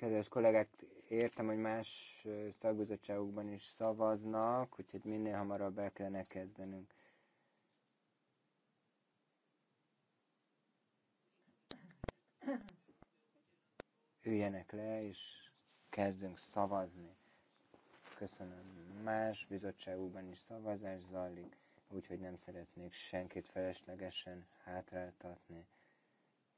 kedves kollégák, értem, hogy más szakbizottságokban is szavaznak, úgyhogy minél hamarabb el kellene kezdenünk. Üljenek le, és kezdünk szavazni. Köszönöm. Más bizottságokban is szavazás zajlik, úgyhogy nem szeretnék senkit feleslegesen hátráltatni.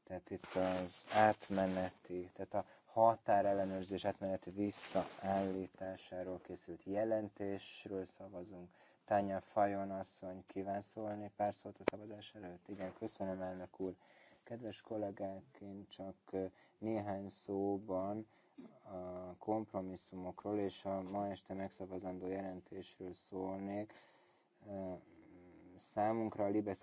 Tehát itt az átmeneti, tehát a határellenőrzés átmeneti visszaállításáról készült jelentésről szavazunk. Tánya Fajon asszony kíván szólni pár szót a szavazás előtt? Igen, köszönöm elnök úr. Kedves kollégák, én csak néhány szóban a kompromisszumokról és a ma este megszavazandó jelentésről szólnék. Számunkra a Libe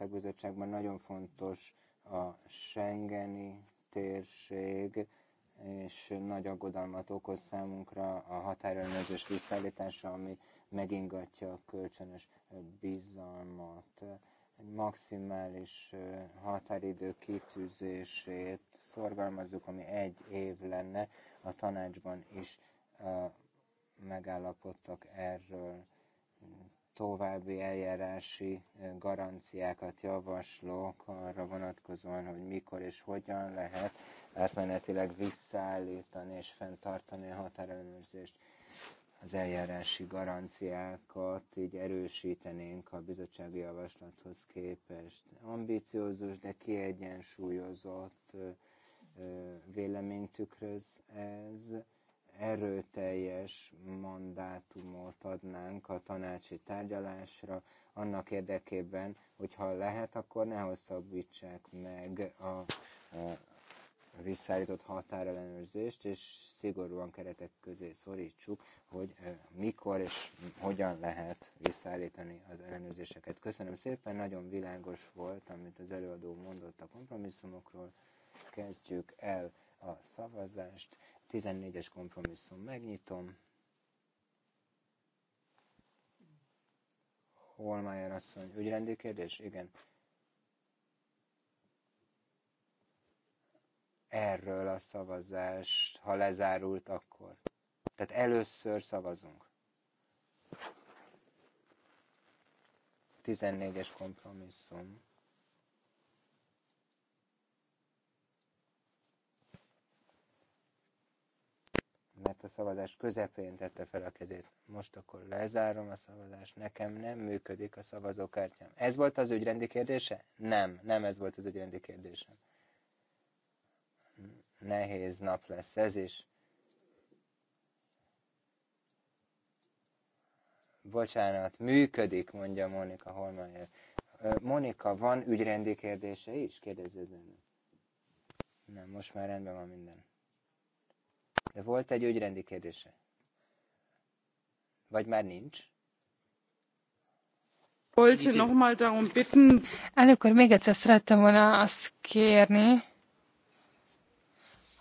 nagyon fontos a Schengeni térség, és nagy aggodalmat okoz számunkra a határőrnözés visszaállítása, ami megingatja a kölcsönös bizalmat. Egy maximális határidő kitűzését szorgalmazzuk, ami egy év lenne, a tanácsban is megállapodtak erről további eljárási garanciákat javaslok arra vonatkozóan, hogy mikor és hogyan lehet átmenetileg visszaállítani és fenntartani a határellenőrzést, az eljárási garanciákat így erősítenénk a bizottsági javaslathoz képest. Ambiciózus, de kiegyensúlyozott véleményt tükröz ez erőteljes mandátumot adnánk a tanácsi tárgyalásra, annak érdekében, hogyha lehet, akkor ne hosszabbítsák meg a, a visszaállított határellenőrzést, és szigorúan keretek közé szorítsuk, hogy mikor és hogyan lehet visszaállítani az ellenőrzéseket. Köszönöm szépen, nagyon világos volt, amit az előadó mondott a kompromisszumokról. Kezdjük el a szavazást. 14-es kompromisszum megnyitom. Holmájer asszony, ügyrendi kérdés? Igen. erről a szavazás, ha lezárult akkor. Tehát először szavazunk. 14-es kompromisszum. mert a szavazás közepén tette fel a kezét. Most akkor lezárom a szavazást, nekem nem működik a szavazókártyám. Ez volt az ügyrendi kérdése? Nem, nem ez volt az ügyrendi kérdésem nehéz nap lesz ez is. Bocsánat, működik, mondja Monika Holmeyer. Monika, van ügyrendi kérdése is? Kérdezze zene. Nem, most már rendben van minden. De volt egy ügyrendi kérdése? Vagy már nincs? Wollte nochmal darum bitten. Előkor még egyszer szerettem volna azt kérni,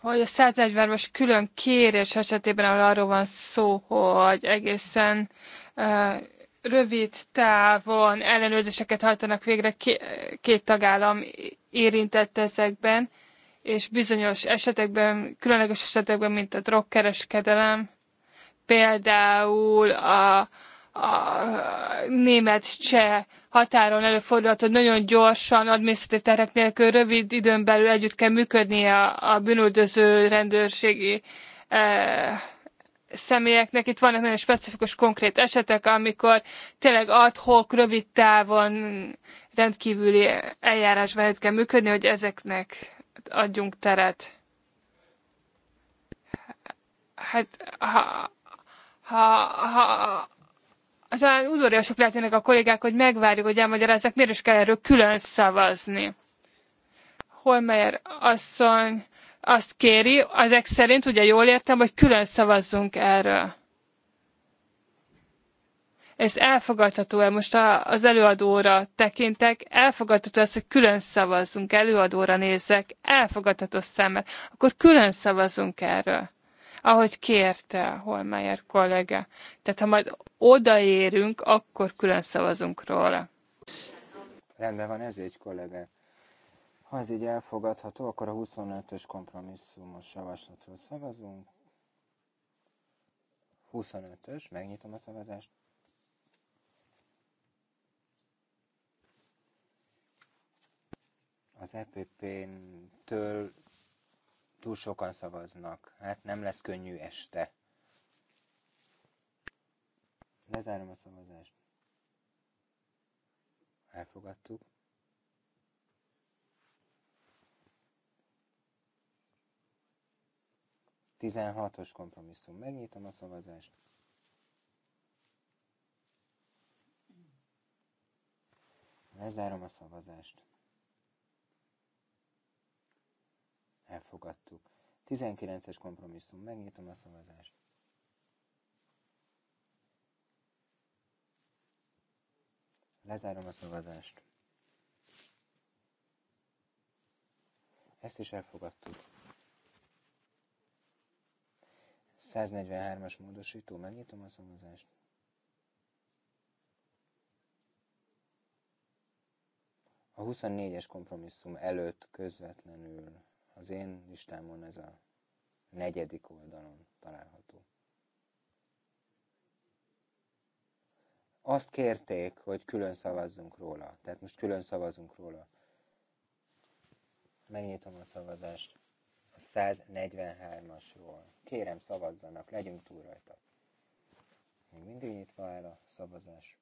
hogy a 140-es külön kérés esetében, ahol arról van szó, hogy egészen rövid távon ellenőrzéseket hajtanak végre két tagállam érintett ezekben, és bizonyos esetekben, különleges esetekben, mint a drogkereskedelem, például a, a német-cseh határon előfordulhat, hogy nagyon gyorsan, adminisztratív terek nélkül rövid időn belül együtt kell működnie a, a bűnüldöző rendőrségi e, személyeknek. Itt vannak nagyon specifikus, konkrét esetek, amikor tényleg adhok, rövid távon rendkívüli eljárásban együtt kell működni, hogy ezeknek adjunk teret. Hát, ha, ha, ha, talán udvariasak lehetnének a kollégák, hogy megvárjuk, hogy elmagyarázzák, miért is kell erről külön szavazni. Holmeyer asszony azt kéri, azek szerint, ugye jól értem, hogy külön szavazzunk erről. Ez elfogadható-e? Most a, az előadóra tekintek, elfogadható ez, hogy külön szavazzunk, előadóra nézek, elfogadható szemmel. Akkor külön szavazunk erről ahogy kérte Holmeyer kollega. Tehát ha majd odaérünk, akkor külön szavazunk róla. Rendben van, ez így kollega. Ha ez így elfogadható, akkor a 25-ös kompromisszumos javaslatról szavazunk. 25-ös, megnyitom a szavazást. Az EPP-től túl sokan szavaznak. Hát nem lesz könnyű este. Lezárom a szavazást. Elfogadtuk. Tizenhatos kompromisszum. Megnyitom a szavazást. Lezárom a szavazást. Elfogadtuk. 19-es kompromisszum. Megnyitom a szavazást. Lezárom a szavazást. Ezt is elfogadtuk. 143-as módosító, megnyitom a szavazást. A 24-es kompromisszum előtt közvetlenül az én listámon ez a negyedik oldalon található. Azt kérték, hogy külön szavazzunk róla. Tehát most külön szavazunk róla. Megnyitom a szavazást a 143-asról. Kérem, szavazzanak, legyünk túl rajta. Még mindig nyitva áll a szavazás.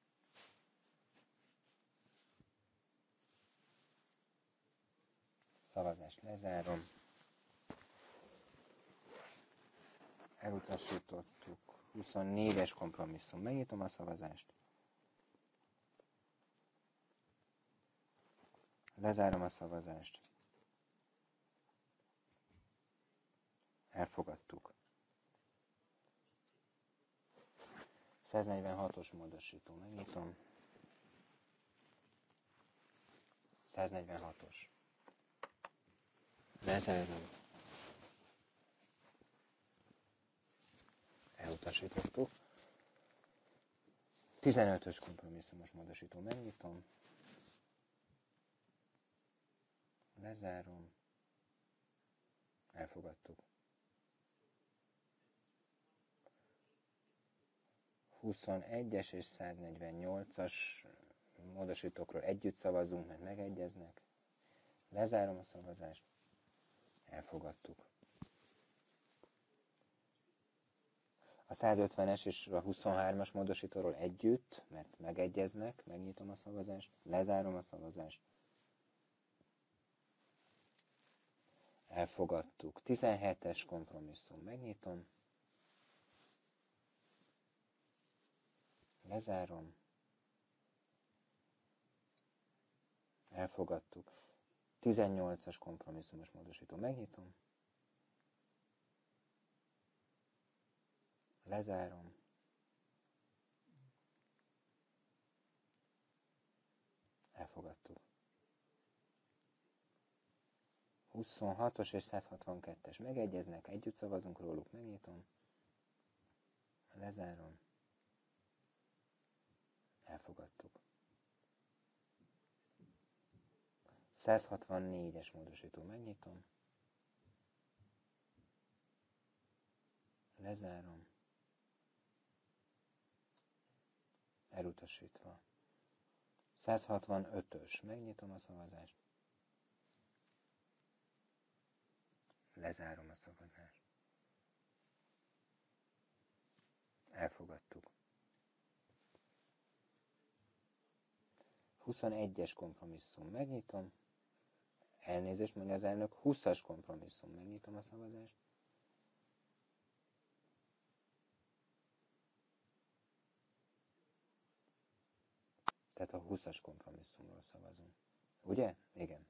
Szavazást lezárom. Elutasítottuk. 24-es kompromisszum. Megnyitom a szavazást. Lezárom a szavazást. Elfogadtuk. 146-os módosító. Megnyitom. 146-os. Lezárom. Elutasítottuk. 15-ös kompromisszumos módosító megnyitom. Lezárom. Elfogadtuk. 21-es és 148-as módosítókról együtt szavazunk, mert megegyeznek. Lezárom a szavazást. Elfogadtuk. A 150-es és a 23-as módosítóról együtt, mert megegyeznek, megnyitom a szavazást, lezárom a szavazást. Elfogadtuk. 17-es kompromisszum, megnyitom. Lezárom. Elfogadtuk. 18-as kompromisszumos módosító. Megnyitom. Lezárom. Elfogadtuk. 26-os és 162-es megegyeznek, együtt szavazunk róluk, megnyitom, lezárom, elfogadtuk. 164-es módosító megnyitom. Lezárom. Elutasítva. 165-ös. Megnyitom a szavazást. Lezárom a szavazást. Elfogadtuk. 21-es kompromisszum. Megnyitom. Elnézést, mondja az elnök, 20-as kompromisszum. Megnyitom a szavazást. Tehát a 20-as kompromisszumról szavazunk. Ugye? Igen.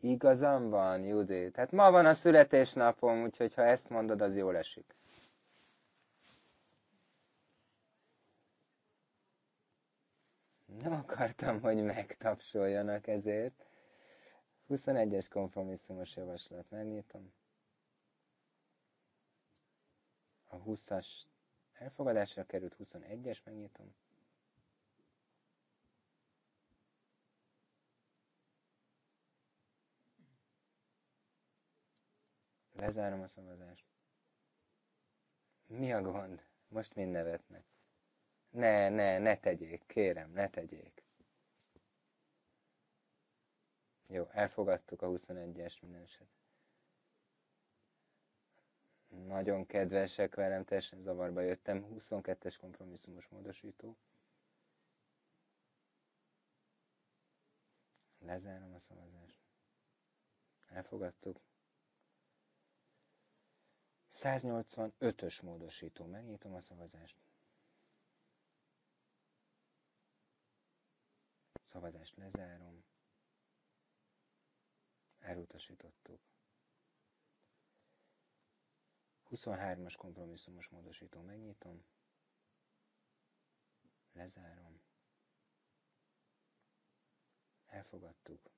Igazam van, Judit. Tehát ma van a születésnapom, úgyhogy ha ezt mondod, az jól esik. nem akartam, hogy megtapsoljanak ezért. 21-es kompromisszumos javaslat, megnyitom. A 20-as elfogadásra került 21-es, megnyitom. Lezárom a szavazást. Mi a gond? Most mind nevetnek. Ne, ne, ne tegyék, kérem, ne tegyék. Jó, elfogadtuk a 21-es minden Nagyon kedvesek velem, teljesen zavarba jöttem. 22-es kompromisszumos módosító. Lezárom a szavazást. Elfogadtuk. 185-ös módosító. Megnyitom a szavazást. Szavazást lezárom. Elutasítottuk. 23-as kompromisszumos módosító megnyitom. Lezárom. Elfogadtuk.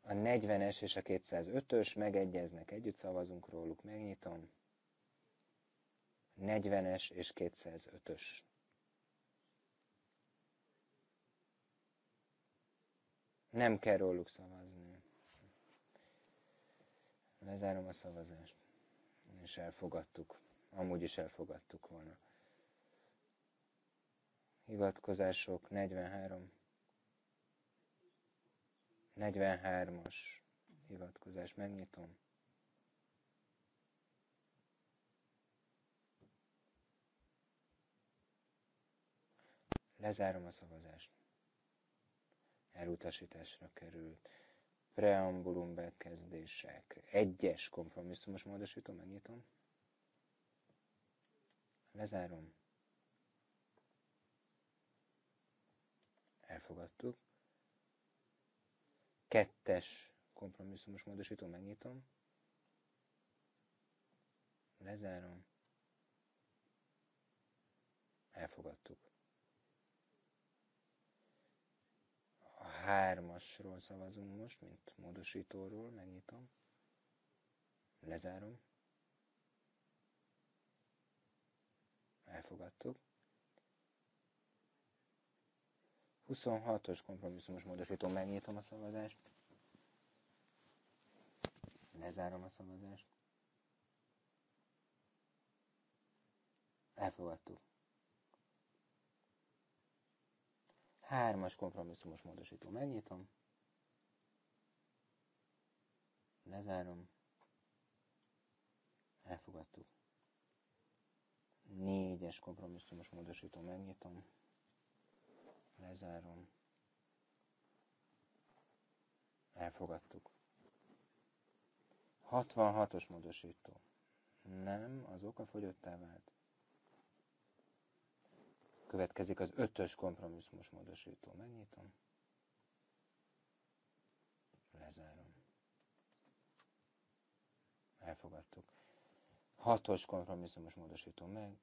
A 40-es és a 205-ös megegyeznek, együtt szavazunk róluk, megnyitom. 40-es és 205-ös. Nem kell róluk szavazni. Lezárom a szavazást. És elfogadtuk. Amúgy is elfogadtuk volna. Hivatkozások 43. 43-as hivatkozás. Megnyitom. Lezárom a szavazást. Elutasításra került. Preambulum bekezdések. Egyes kompromisszumos módosító, megnyitom. Lezárom. Elfogadtuk. Kettes kompromisszumos módosító, megnyitom. Lezárom. Elfogadtuk. hármasról szavazunk most, mint módosítóról, megnyitom, lezárom, elfogadtuk. 26-os kompromisszumos módosító, megnyitom a szavazást, lezárom a szavazást, elfogadtuk. Hármas kompromisszumos módosító. Megnyitom. Lezárom. Elfogadtuk. Négyes kompromisszumos módosító. Megnyitom. Lezárom. Elfogadtuk. 66-os módosító. Nem, az oka fogyottá vált. Következik az ötös kompromisszumos módosító. Megnyitom. Lezárom. Elfogadtuk. Hatos kompromisszumos módosító meg.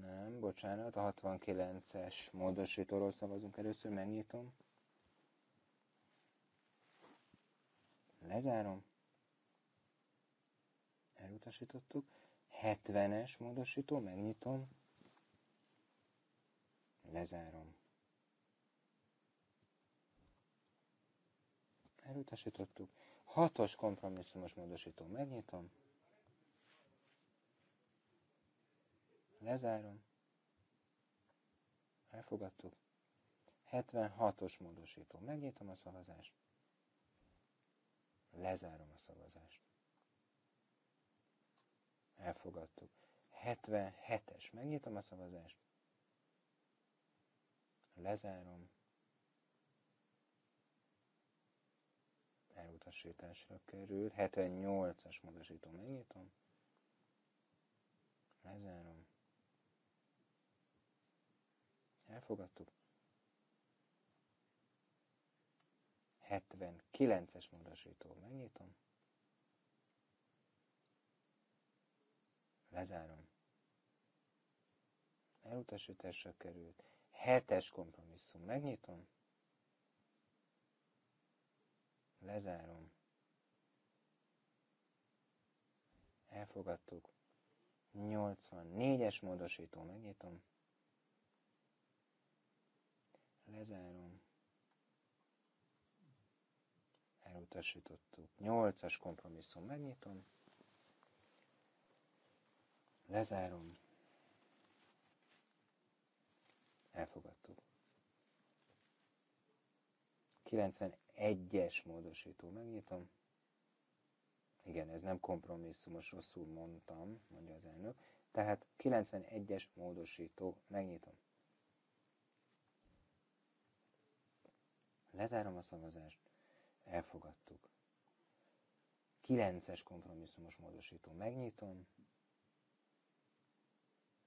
Nem, bocsánat, a 69-es módosítóról szavazunk először, megnyitom. Lezárom. Elutasítottuk. 70-es módosító, megnyitom Lezárom. Elutasítottuk. Hatos kompromisszumos módosító. Megnyitom. Lezárom. Elfogadtuk. 76-os módosító. Megnyitom a szavazást. Lezárom a szavazást. Elfogadtuk. 77-es. Megnyitom a szavazást lezárom, elutasításra kerül, 78-as módosító megnyitom, lezárom, elfogadtuk, 79-es módosító megnyitom, lezárom, elutasításra került, Hetes kompromisszum. Megnyitom. Lezárom. Elfogadtuk. 84-es módosító. Megnyitom. Lezárom. Elutasítottuk. 8-as kompromisszum. Megnyitom. Lezárom Elfogadtuk. 91-es módosító, megnyitom. Igen, ez nem kompromisszumos, rosszul mondtam, mondja az elnök. Tehát 91-es módosító, megnyitom. Lezárom a szavazást, elfogadtuk. 9-es kompromisszumos módosító, megnyitom.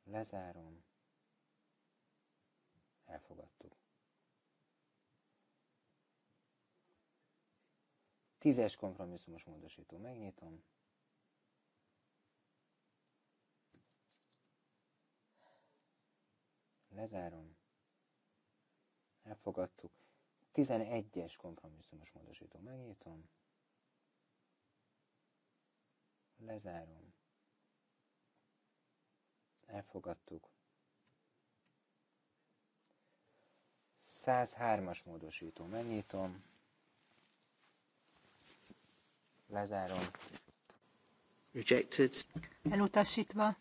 Lezárom, Elfogadtuk. Tízes kompromisszumos módosító. Megnyitom. Lezárom. Elfogadtuk. 11-es kompromisszumos módosító. Megnyitom. Lezárom. Elfogadtuk. 103-as módosító. Megnyitom. Lezárom. Rejected. Elutasítva.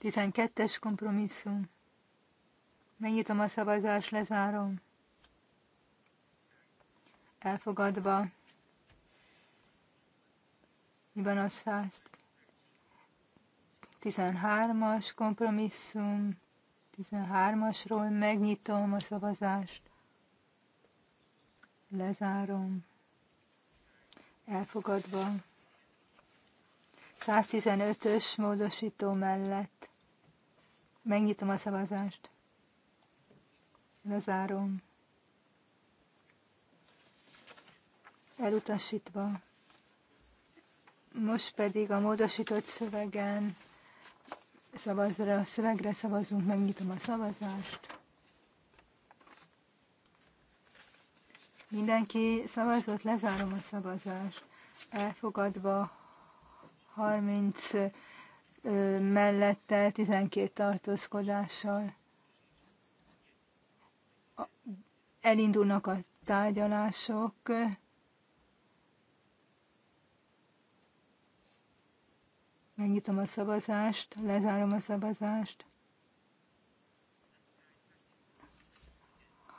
12-es kompromisszum. Megnyitom a szavazást, lezárom. Elfogadva. Miben a 113-as kompromisszum. 13-asról megnyitom a szavazást, lezárom, elfogadva, 115-ös módosító mellett megnyitom a szavazást, lezárom, elutasítva. Most pedig a módosított szövegen szavazra, a szövegre szavazunk, megnyitom a szavazást. Mindenki szavazott, lezárom a szavazást. Elfogadva 30 mellette 12 tartózkodással elindulnak a tárgyalások Megnyitom a szavazást, lezárom a szavazást.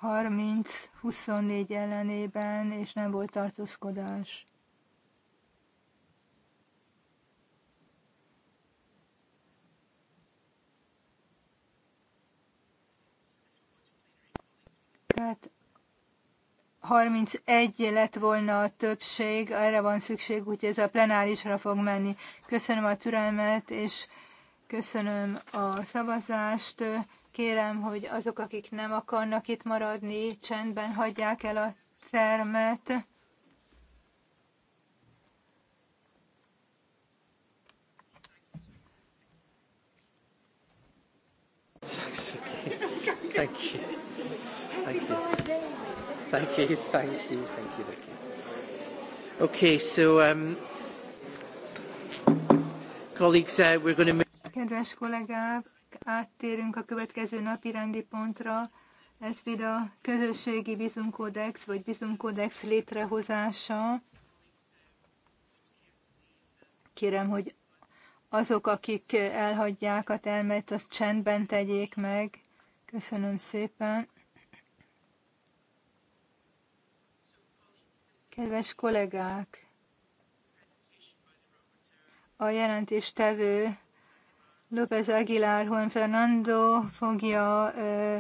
30-24 ellenében, és nem volt tartózkodás. Tehát 31 lett volna a többség, erre van szükség, úgyhogy ez a plenárisra fog menni. Köszönöm a türelmet, és köszönöm a szavazást. Kérem, hogy azok, akik nem akarnak itt maradni, csendben hagyják el a termet. Thank you. Thank you. Thank you, thank you, thank you, thank you. Okay, so um, colleagues, uh, we're going to move. Kedves kollégák, áttérünk a következő napi rendi pontra. Ez pedig a közösségi bizumkódex, vagy bizumkódex létrehozása. Kérem, hogy azok, akik elhagyják a termet, azt csendben tegyék meg. Köszönöm szépen. Kedves kollégák, a jelentéstevő López Aguilar Juan Fernando fogja ö,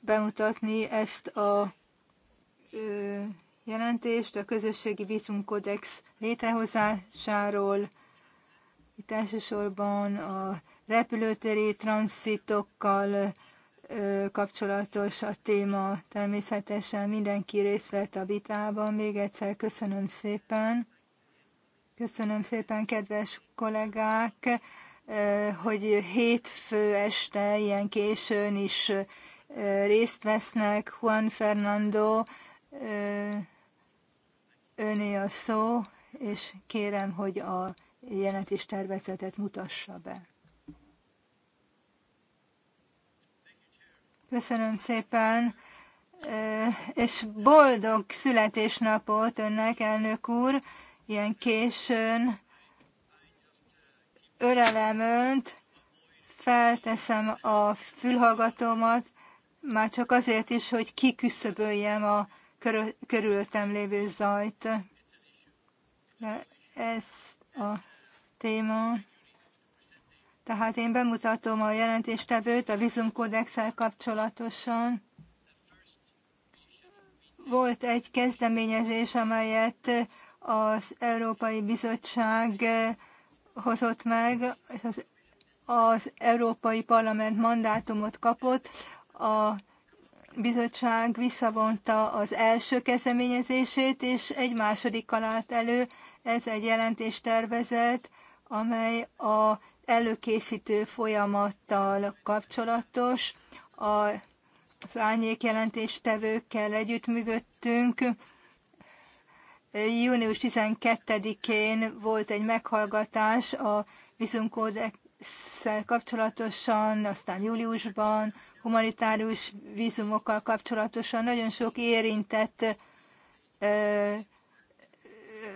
bemutatni ezt a ö, jelentést a közösségi vízumkodex létrehozásáról. Itt elsősorban a repülőtéri transzitokkal kapcsolatos a téma. Természetesen mindenki részt vett a vitában. Még egyszer köszönöm szépen. Köszönöm szépen, kedves kollégák, hogy hétfő este ilyen későn is részt vesznek. Juan Fernando, öné a szó, és kérem, hogy a jelentés tervezetet mutassa be. Köszönöm szépen, és boldog születésnapot önnek, elnök úr, ilyen későn. Ölelem önt, felteszem a fülhallgatómat, már csak azért is, hogy kiküszöböljem a körülöttem lévő zajt. De ez a téma. Tehát én bemutatom a jelentéstevőt a vízumkódexel kapcsolatosan. Volt egy kezdeményezés, amelyet az Európai Bizottság eh, hozott meg, és az, az Európai Parlament mandátumot kapott. A bizottság visszavonta az első kezdeményezését, és egy másodikkal állt elő. Ez egy jelentéstervezet, amely a előkészítő folyamattal kapcsolatos. A az együtt együttműködtünk. Június 12-én volt egy meghallgatás a vízumkódexsel kapcsolatosan, aztán júliusban humanitárius vízumokkal kapcsolatosan nagyon sok érintett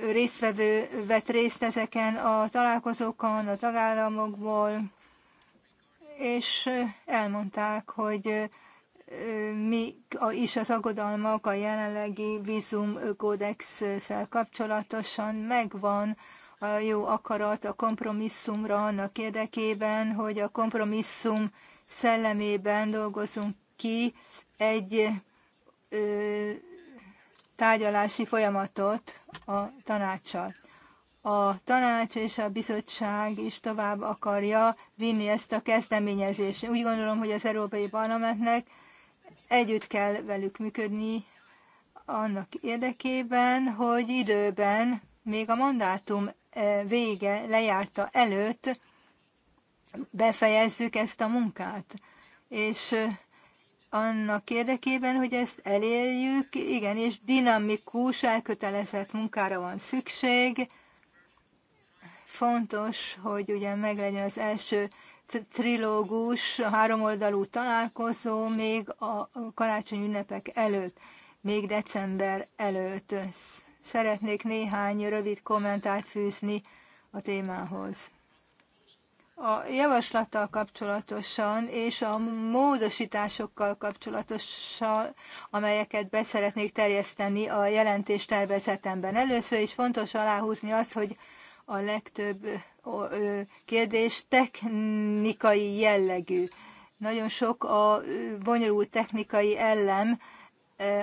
résztvevő vett részt ezeken a találkozókon a tagállamokból, és elmondták, hogy mi is az aggodalmak a jelenlegi vízumkódexsel kapcsolatosan megvan a jó akarat a kompromisszumra annak érdekében, hogy a kompromisszum szellemében dolgozunk ki egy tárgyalási folyamatot a tanácssal. A tanács és a bizottság is tovább akarja vinni ezt a kezdeményezést. Úgy gondolom, hogy az Európai Parlamentnek együtt kell velük működni annak érdekében, hogy időben, még a mandátum eh, vége lejárta előtt befejezzük ezt a munkát. És eh, annak érdekében, hogy ezt elérjük, igenis dinamikus, elkötelezett munkára van szükség. Fontos, hogy ugye meglegyen az első trilógus, a háromoldalú találkozó még a karácsony ünnepek előtt, még december előtt. Szeretnék néhány rövid kommentárt fűzni a témához a javaslattal kapcsolatosan és a módosításokkal kapcsolatosan, amelyeket beszeretnék terjeszteni a jelentés tervezetemben. Először is fontos aláhúzni az, hogy a legtöbb kérdés technikai jellegű. Nagyon sok a bonyolult technikai ellem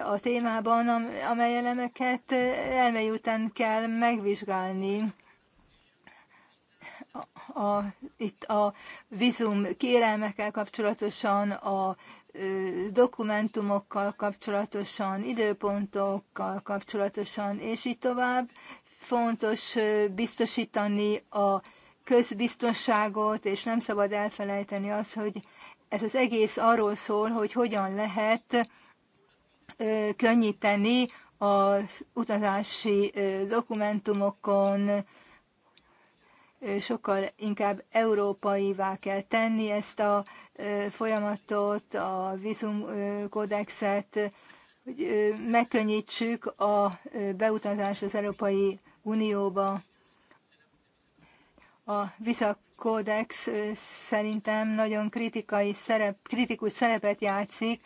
a témában, amely elemeket elmei után kell megvizsgálni a, itt a vízum kérelmekkel kapcsolatosan, a ö, dokumentumokkal kapcsolatosan, időpontokkal kapcsolatosan, és így tovább. Fontos ö, biztosítani a közbiztonságot, és nem szabad elfelejteni azt, hogy ez az egész arról szól, hogy hogyan lehet ö, könnyíteni az utazási dokumentumokon, sokkal inkább európaivá kell tenni ezt a folyamatot, a vízumkódexet, hogy megkönnyítsük a beutazást az Európai Unióba. A visszakódex szerintem nagyon kritikai szerep, kritikus szerepet játszik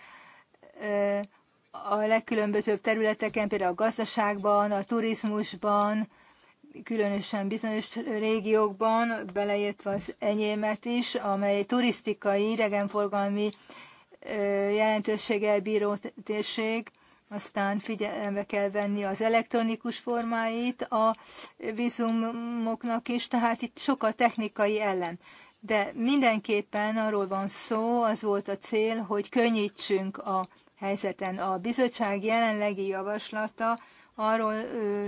a legkülönbözőbb területeken, például a gazdaságban, a turizmusban, különösen bizonyos régiókban, beleértve az enyémet is, amely turisztikai, idegenforgalmi jelentőséggel bíró térség, aztán figyelembe kell venni az elektronikus formáit a vízumoknak is, tehát itt sok a technikai ellen. De mindenképpen arról van szó, az volt a cél, hogy könnyítsünk a helyzeten. A bizottság jelenlegi javaslata arról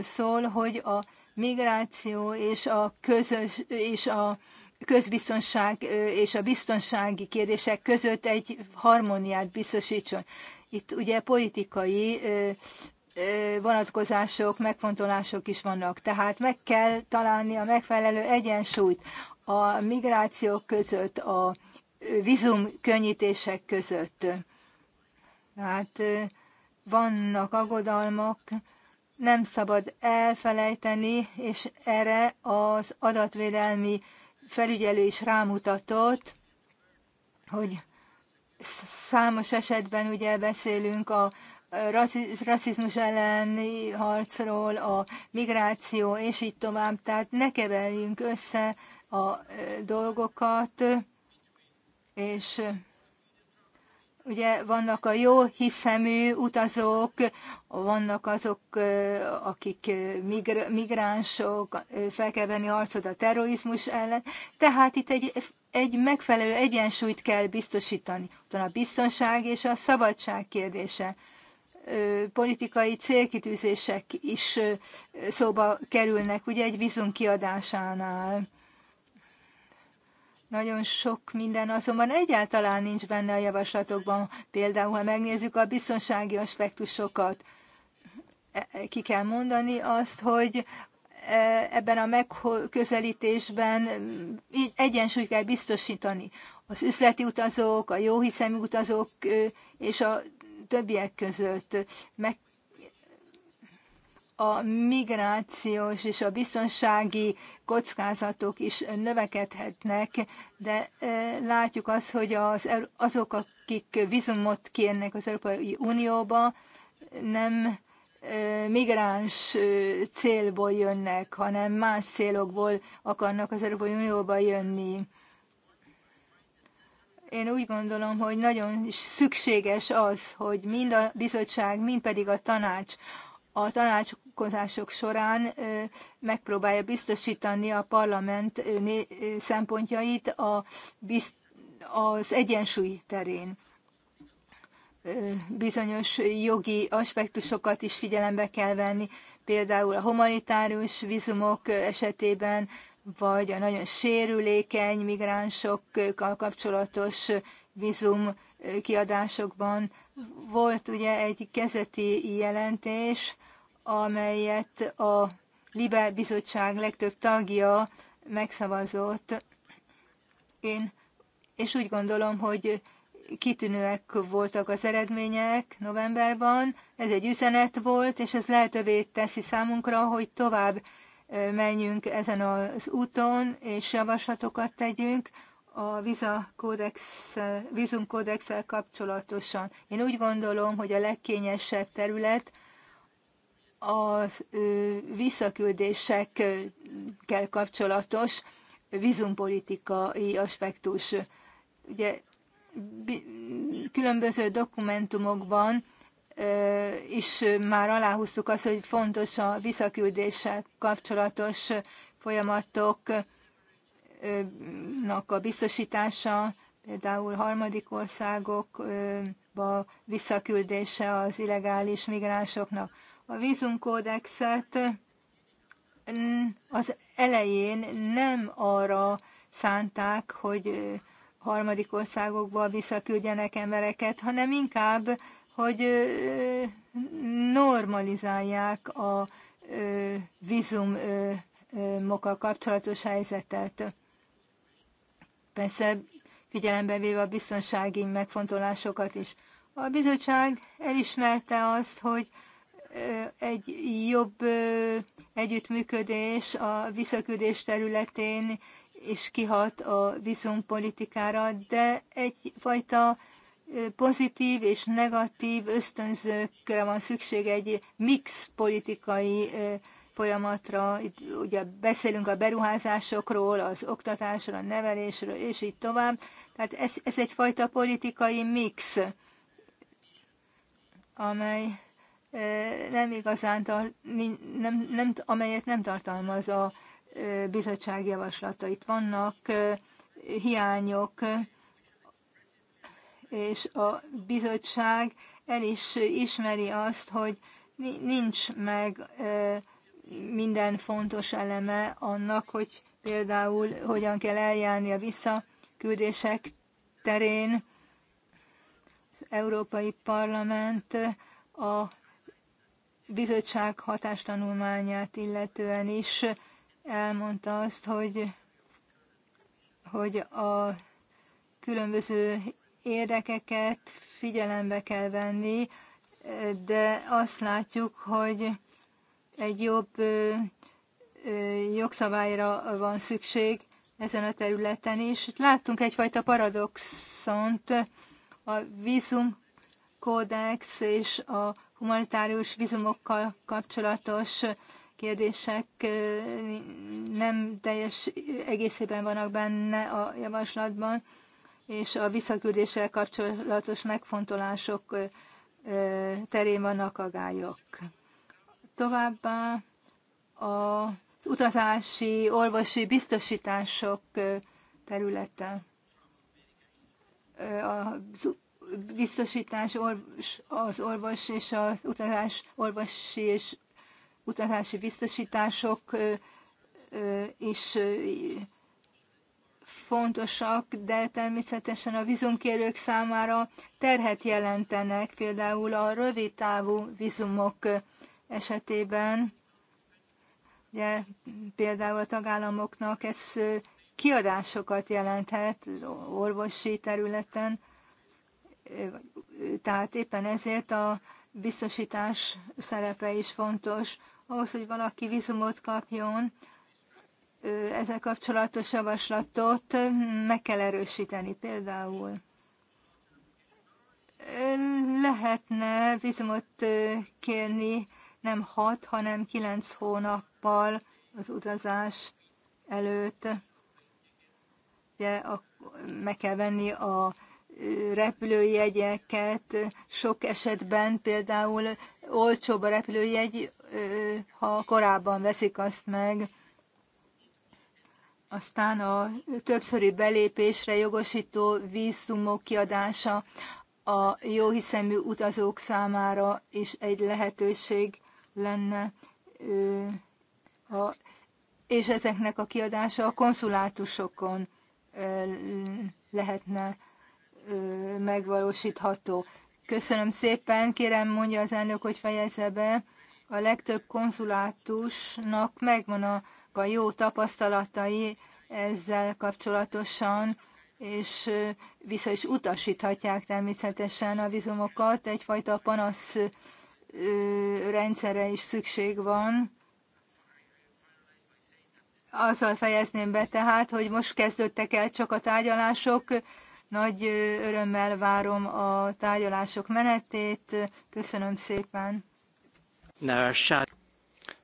szól, hogy a migráció és a, közös, és a közbiztonság és a biztonsági kérdések között egy harmóniát biztosítson. Itt ugye politikai vonatkozások, megfontolások is vannak. Tehát meg kell találni a megfelelő egyensúlyt a migráció között, a vízum könnyítések között. Tehát vannak aggodalmak, nem szabad elfelejteni, és erre az adatvédelmi felügyelő is rámutatott, hogy számos esetben ugye beszélünk a rasszizmus elleni harcról, a migráció, és így tovább. Tehát ne keverjünk össze a dolgokat, és Ugye vannak a jó hiszemű utazók, vannak azok, akik migránsok, fel kell venni harcot a terrorizmus ellen, tehát itt egy, egy megfelelő egyensúlyt kell biztosítani. Ott a biztonság és a szabadság kérdése politikai célkitűzések is szóba kerülnek, ugye egy vízum kiadásánál. Nagyon sok minden azonban egyáltalán nincs benne a javaslatokban. Például, ha megnézzük a biztonsági aspektusokat, e, e, ki kell mondani azt, hogy e, ebben a megközelítésben egyensúlyt kell biztosítani. Az üzleti utazók, a jóhiszemű utazók és a többiek között meg a migrációs és a biztonsági kockázatok is növekedhetnek, de e, látjuk azt, hogy az, er, azok, akik vizumot kérnek az Európai Unióba, nem e, migráns e, célból jönnek, hanem más célokból akarnak az Európai Unióba jönni. Én úgy gondolom, hogy nagyon szükséges az, hogy mind a bizottság, mind pedig a tanács a tanácskozások során megpróbálja biztosítani a parlament szempontjait a bizt, az egyensúly terén. Bizonyos jogi aspektusokat is figyelembe kell venni, például a humanitárius vizumok esetében, vagy a nagyon sérülékeny migránsokkal kapcsolatos vízum kiadásokban volt ugye egy kezeti jelentés, amelyet a Libe Bizottság legtöbb tagja megszavazott. Én, és úgy gondolom, hogy kitűnőek voltak az eredmények novemberben. Ez egy üzenet volt, és ez lehetővé teszi számunkra, hogy tovább menjünk ezen az úton, és javaslatokat tegyünk a vízumkódexsel kapcsolatosan. Én úgy gondolom, hogy a legkényesebb terület a visszaküldésekkel kapcsolatos vízumpolitikai aspektus. Ugye különböző dokumentumokban is már aláhúztuk azt, hogy fontos a visszaküldéssel kapcsolatos folyamatok nak a biztosítása, például harmadik országokba visszaküldése az illegális migránsoknak. A vízumkódexet az elején nem arra szánták, hogy harmadik országokba visszaküldjenek embereket, hanem inkább, hogy normalizálják a vízumokkal kapcsolatos helyzetet persze figyelembe véve a biztonsági megfontolásokat is. A bizottság elismerte azt, hogy egy jobb együttműködés a visszaküldés területén is kihat a vízumpolitikára, de egyfajta pozitív és negatív ösztönzőkre van szükség egy mix politikai folyamatra, itt ugye beszélünk a beruházásokról, az oktatásról, a nevelésről, és így tovább. Tehát ez, ez egyfajta politikai mix, amely nem igazán, tar- nem, nem, amelyet nem tartalmaz a bizottság javaslata. Itt vannak hiányok, és a bizottság el is ismeri azt, hogy nincs meg minden fontos eleme annak, hogy például hogyan kell eljárni a visszaküldések terén. Az Európai Parlament a bizottság hatástanulmányát illetően is elmondta azt, hogy, hogy a különböző érdekeket figyelembe kell venni, de azt látjuk, hogy egy jobb jogszabályra van szükség ezen a területen is. Láttunk egyfajta paradoxont a vízumkódex kódex és a humanitárius vízumokkal kapcsolatos kérdések nem teljes egészében vannak benne a javaslatban, és a visszaküldéssel kapcsolatos megfontolások terén vannak agályok. Továbbá az utazási, orvosi biztosítások területe. a biztosítás, az orvos és az utazás, orvosi és utazási biztosítások is fontosak, de természetesen a vizumkérők számára terhet jelentenek, például a rövid távú vizumok esetében ugye például a tagállamoknak ez kiadásokat jelenthet orvosi területen, tehát éppen ezért a biztosítás szerepe is fontos. Ahhoz, hogy valaki vízumot kapjon, ezzel kapcsolatos javaslatot meg kell erősíteni például. Lehetne vízumot kérni nem hat, hanem kilenc hónappal az utazás előtt. Ugye a, meg kell venni a repülőjegyeket. Sok esetben például olcsóbb a repülőjegy, ha korábban veszik azt meg. Aztán a többszöri belépésre jogosító vízumok kiadása a jóhiszemű utazók számára is egy lehetőség lenne a, és ezeknek a kiadása a konszulátusokon lehetne megvalósítható. Köszönöm szépen, kérem mondja az elnök, hogy fejezze be. A legtöbb konszulátusnak megvan a jó tapasztalatai ezzel kapcsolatosan, és vissza is utasíthatják természetesen a vizumokat, egyfajta panasz rendszerre is szükség van. Azzal fejezném be tehát, hogy most kezdődtek el csak a tárgyalások. Nagy örömmel várom a tárgyalások menetét. Köszönöm szépen.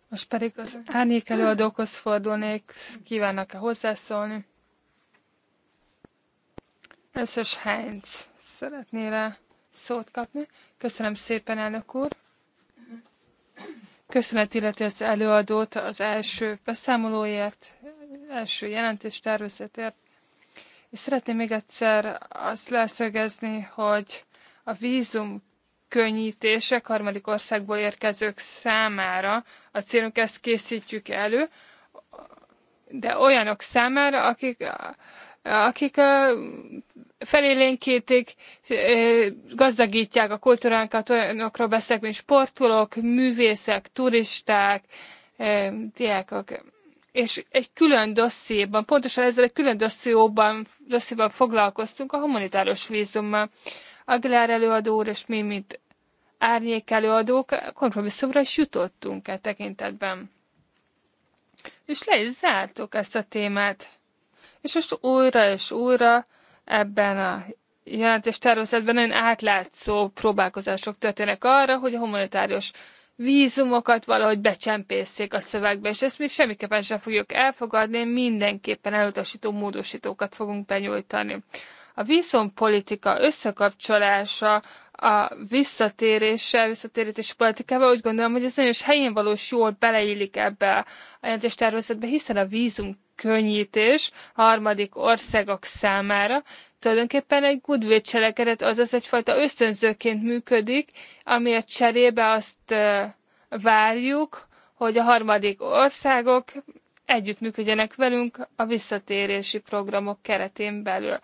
Most pedig az árnyék előadókhoz fordulnék, kívánnak-e hozzászólni? Összes Heinz szeretnél -e szót kapni. Köszönöm szépen, elnök úr! Köszönet illeti az előadót az első beszámolóért, első jelentés tervezetért. És szeretném még egyszer azt leszögezni, hogy a vízum könnyítések harmadik országból érkezők számára a célunk ezt készítjük elő, de olyanok számára, akik, akik felélénkítik, gazdagítják a kultúránkat, olyanokról beszélek, mint sportolók, művészek, turisták, diákok. És egy külön dossziéban, pontosan ezzel egy külön dosszióban, dossziéban foglalkoztunk a humanitáros vízummal. Aguilar előadó úr és mi, mint árnyék előadók, kompromisszumra is jutottunk e tekintetben. És le is zártuk ezt a témát. És most újra és újra ebben a jelentés tervezetben nagyon átlátszó próbálkozások történnek arra, hogy a humanitárius vízumokat valahogy becsempészék a szövegbe, és ezt mi semmiképpen sem fogjuk elfogadni, mindenképpen elutasító módosítókat fogunk benyújtani. A vízumpolitika összekapcsolása a visszatéréssel, visszatérítési politikával úgy gondolom, hogy ez nagyon is helyén valós jól beleillik ebbe a jelentés tervezetbe, hiszen a vízum könnyítés harmadik országok számára. Tulajdonképpen egy goodwill cselekedet, azaz egyfajta ösztönzőként működik, amiért cserébe azt várjuk, hogy a harmadik országok együttműködjenek velünk a visszatérési programok keretén belül.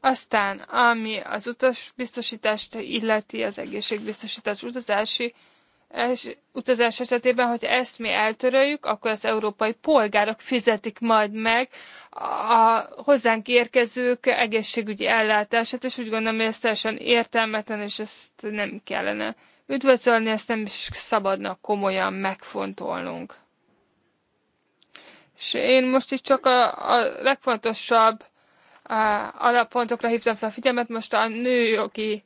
Aztán, ami az utasbiztosítást illeti, az egészségbiztosítás utazási utazás esetében, hogy ezt mi eltöröljük, akkor az európai polgárok fizetik majd meg a hozzánk érkezők egészségügyi ellátását, és úgy gondolom, hogy ez teljesen értelmetlen, és ezt nem kellene üdvözölni, ezt nem is szabadnak komolyan megfontolnunk. És én most is csak a, a legfontosabb a, alappontokra hívtam fel a figyelmet, most a nőjogi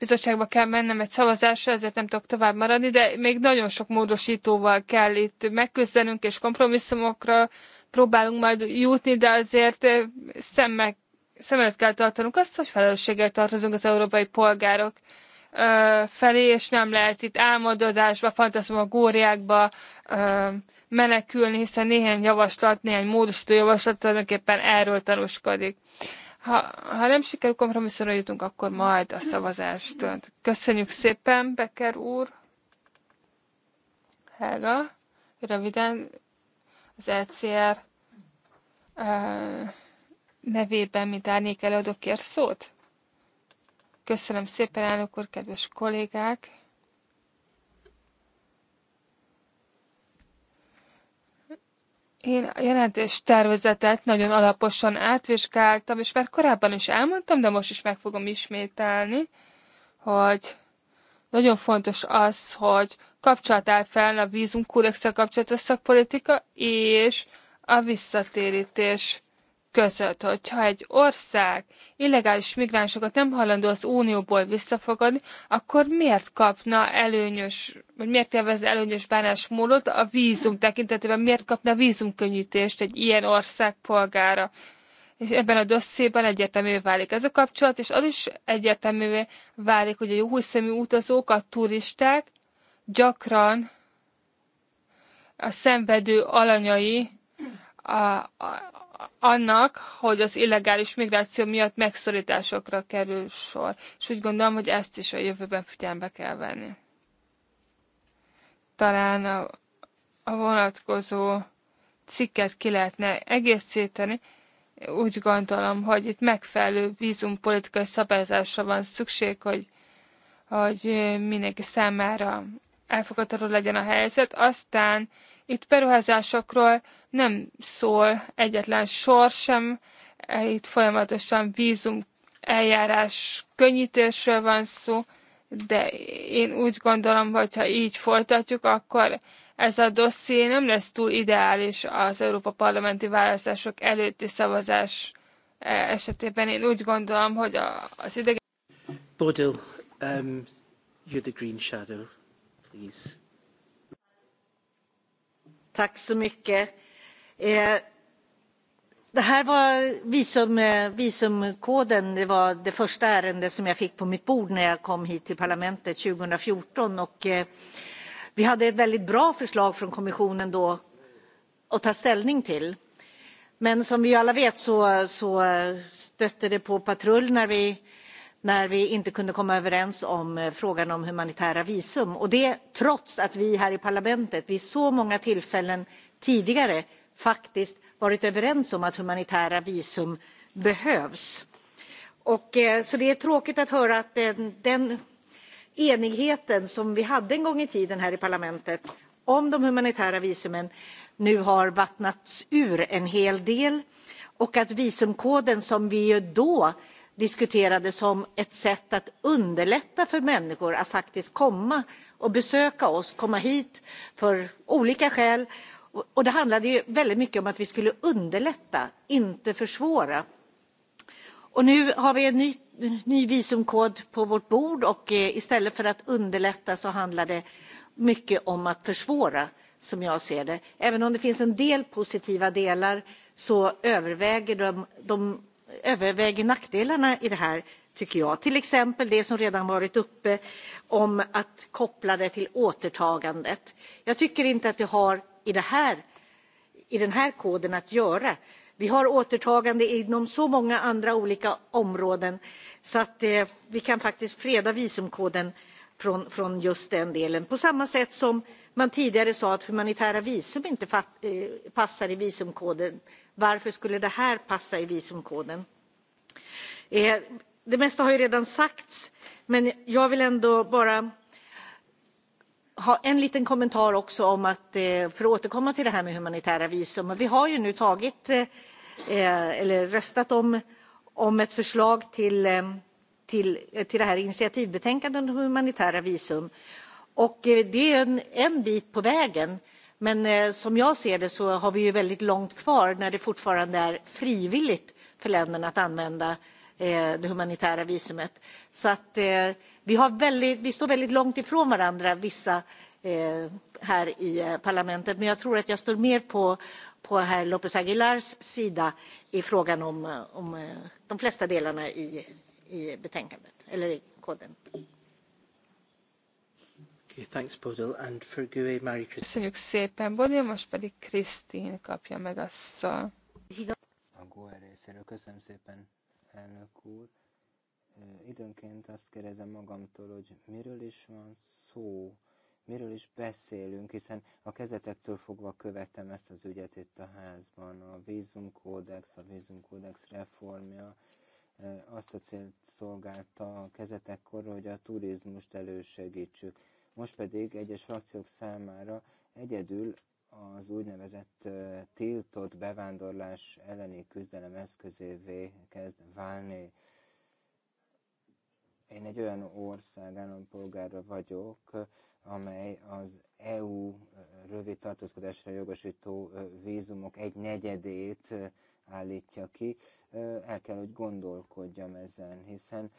bizottságba kell mennem egy szavazásra, ezért nem tudok tovább maradni, de még nagyon sok módosítóval kell itt megküzdenünk, és kompromisszumokra próbálunk majd jutni, de azért szemmel, szem előtt kell tartanunk azt, hogy felelősséggel tartozunk az európai polgárok felé, és nem lehet itt álmodozásba, fantasztikus góriákba menekülni, hiszen néhány javaslat, néhány módosító javaslat tulajdonképpen erről tanúskodik. Ha, ha nem sikerül kompromisszorra jutunk, akkor majd a szavazást. Köszönjük szépen, Becker úr. Helga, röviden az LCR e uh, nevében, mint árnyék előadó kér szót. Köszönöm szépen, elnök úr, kedves kollégák! Én a jelentés tervezetet nagyon alaposan átvizsgáltam, és már korábban is elmondtam, de most is meg fogom ismételni, hogy nagyon fontos az, hogy kapcsolat áll fel a vízum kódexel kapcsolatos szakpolitika és a visszatérítés között, hogyha egy ország illegális migránsokat nem hajlandó az Unióból visszafogadni, akkor miért kapna előnyös, vagy miért élvezne előnyös bánásmódot a vízum tekintetében, miért kapna vízumkönnyítést egy ilyen ország polgára? És ebben a dosszében egyértelmű válik ez a kapcsolat, és az is egyértelművé válik, hogy a jó szemű utazók, a turisták gyakran a szenvedő alanyai a, a, annak, hogy az illegális migráció miatt megszorításokra kerül sor. És úgy gondolom, hogy ezt is a jövőben figyelme kell venni. Talán a, a vonatkozó cikket ki lehetne egészíteni. Úgy gondolom, hogy itt megfelelő vízumpolitikai szabályozásra van szükség, hogy, hogy mindenki számára elfogadható legyen a helyzet. Aztán itt beruházásokról nem szól egyetlen sor sem, eh, itt folyamatosan vízum eljárás könnyítésről van szó, de én úgy gondolom, hogy ha így folytatjuk, akkor ez a dosszié nem lesz túl ideális az Európa parlamenti választások előtti szavazás eh, esetében. Én úgy gondolom, hogy a, az idegen... Bodil, um, you're the green shadow, please. Tack så mycket. Eh, det här var visum, eh, visumkoden. Det var det första ärende som jag fick på mitt bord när jag kom hit till parlamentet 2014. Och, eh, vi hade ett väldigt bra förslag från kommissionen då att ta ställning till. Men som vi alla vet stötte det på patrull när vi inte kunde komma överens om eh, frågan om humanitära visum. Och det trots att vi här i parlamentet vid så många tillfällen tidigare faktiskt varit överens om att humanitära visum behövs. Och, eh, så det är tråkigt att höra att den, eh, den enigheten som vi hade en gång i tiden här i parlamentet om de humanitära visumen nu har vattnats ur en hel del och att visumkoden som vi ju då diskuterades som ett sätt att underlätta för människor att faktiskt komma och besöka oss, komma hit för olika skäl. Och det handlade ju väldigt mycket om att vi skulle underlätta, inte försvåra. Och nu har vi en ny, ny visumkod på vårt bord och eh, istället för att underlätta så handlar det mycket om att försvåra som jag ser det. Även om det finns en del positiva delar så överväger de, de överväger nackdelarna i det här tycker jag. Till exempel det som redan varit uppe om att koppla det till återtagandet. Jag tycker inte att det har i, det här, i den här koden att göra. Vi har återtagande inom så många andra olika områden så att eh, vi kan faktiskt freda visumkoden från, från just den delen. På samma sätt som man tidigare sa att humanitära visum inte eh, passar i visumkoden. Varför skulle det här passa i visumkoden? Eh, det mesta har ju redan sagts, men jag vill ändå bara ha en liten kommentar också om att, eh, för att återkomma till det här med humanitära visum. Vi har ju nu tagit, eller röstat om, om ett förslag till, till, till det här initiativbetänkandet om humanitära visum. Eh, det är en, bit på vägen. Men eh, som jag ser det så har vi ju väldigt långt kvar när det fortfarande är frivilligt för länderna att använda eh, det humanitära visumet. Så att vi, har väldigt, vi står väldigt långt ifrån varandra, vissa här i parlamentet. Men jag tror att jag står mer på, på herr López Aguilars sida i frågan om, om de flesta delarna i, i betänkandet, eller i koden. Okay, thanks, Bodil. And for Mary Köszönjük szépen, Bodil, most pedig Krisztin kapja meg a szó. A Gue részéről köszönöm szépen, elnök úr. Időnként azt kérdezem magamtól, hogy miről is van szó, miről is beszélünk, hiszen a kezetektől fogva követtem ezt az ügyet itt a házban. A vízumkódex, a vízumkódex reformja azt a célt szolgálta a kezetekkor, hogy a turizmust elősegítsük most pedig egyes frakciók számára egyedül az úgynevezett tiltott bevándorlás elleni küzdelem eszközévé kezd válni. Én egy olyan ország állampolgára vagyok, amely az EU rövid tartózkodásra jogosító vízumok egy negyedét állítja ki. El kell, hogy gondolkodjam ezen, hiszen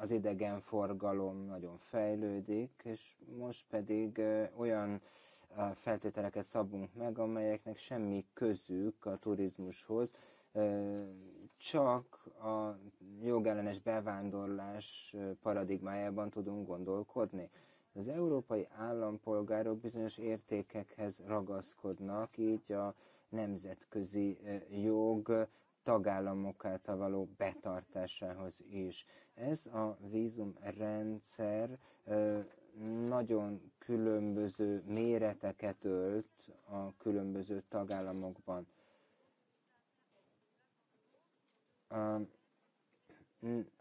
az idegenforgalom nagyon fejlődik, és most pedig olyan feltételeket szabunk meg, amelyeknek semmi közük a turizmushoz, csak a jogellenes bevándorlás paradigmájában tudunk gondolkodni. Az európai állampolgárok bizonyos értékekhez ragaszkodnak, így a nemzetközi jog tagállamok által való betartásához is. Ez a vízumrendszer nagyon különböző méreteket ölt a különböző tagállamokban.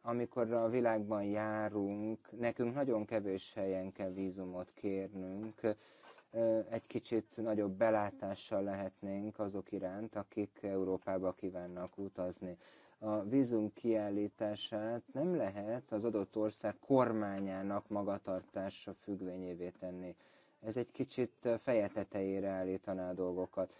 Amikor a világban járunk, nekünk nagyon kevés helyen kell vízumot kérnünk, egy kicsit nagyobb belátással lehetnénk azok iránt, akik Európába kívánnak utazni. A vízum kiállítását nem lehet az adott ország kormányának magatartása függvényévé tenni. Ez egy kicsit feje tetejére állítaná a dolgokat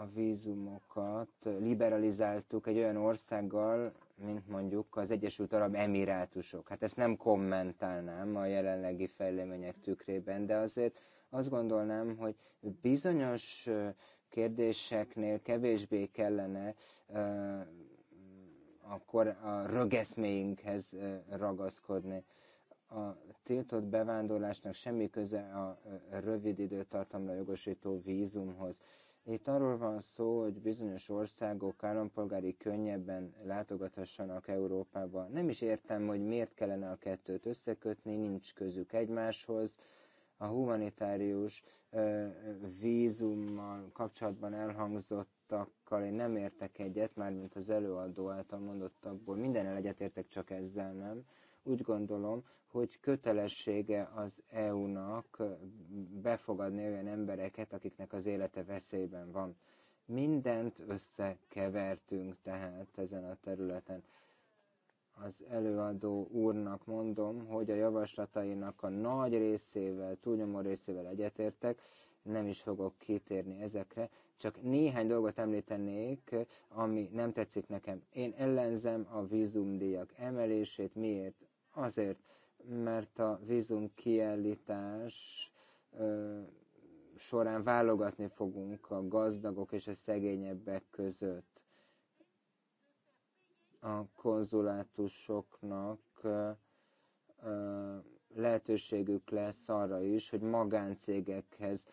a vízumokat liberalizáltuk egy olyan országgal, mint mondjuk az Egyesült Arab Emirátusok. Hát ezt nem kommentálnám a jelenlegi fejlemények tükrében, de azért azt gondolnám, hogy bizonyos kérdéseknél kevésbé kellene akkor a rögeszméinkhez ragaszkodni a tiltott bevándorlásnak semmi köze a rövid időtartamra jogosító vízumhoz. Itt arról van szó, hogy bizonyos országok állampolgári könnyebben látogathassanak Európába. Nem is értem, hogy miért kellene a kettőt összekötni, nincs közük egymáshoz. A humanitárius vízummal kapcsolatban elhangzottakkal én nem értek egyet, mármint az előadó által mondottakból. Mindennel egyetértek, csak ezzel nem úgy gondolom, hogy kötelessége az EU-nak befogadni olyan embereket, akiknek az élete veszélyben van. Mindent összekevertünk tehát ezen a területen. Az előadó úrnak mondom, hogy a javaslatainak a nagy részével, túlnyomó részével egyetértek, nem is fogok kitérni ezekre, csak néhány dolgot említenék, ami nem tetszik nekem. Én ellenzem a vízumdíjak emelését. Miért? Azért, mert a vízum kiállítás során válogatni fogunk a gazdagok és a szegényebbek között. A konzulátusoknak lehetőségük lesz arra is, hogy magáncégekhez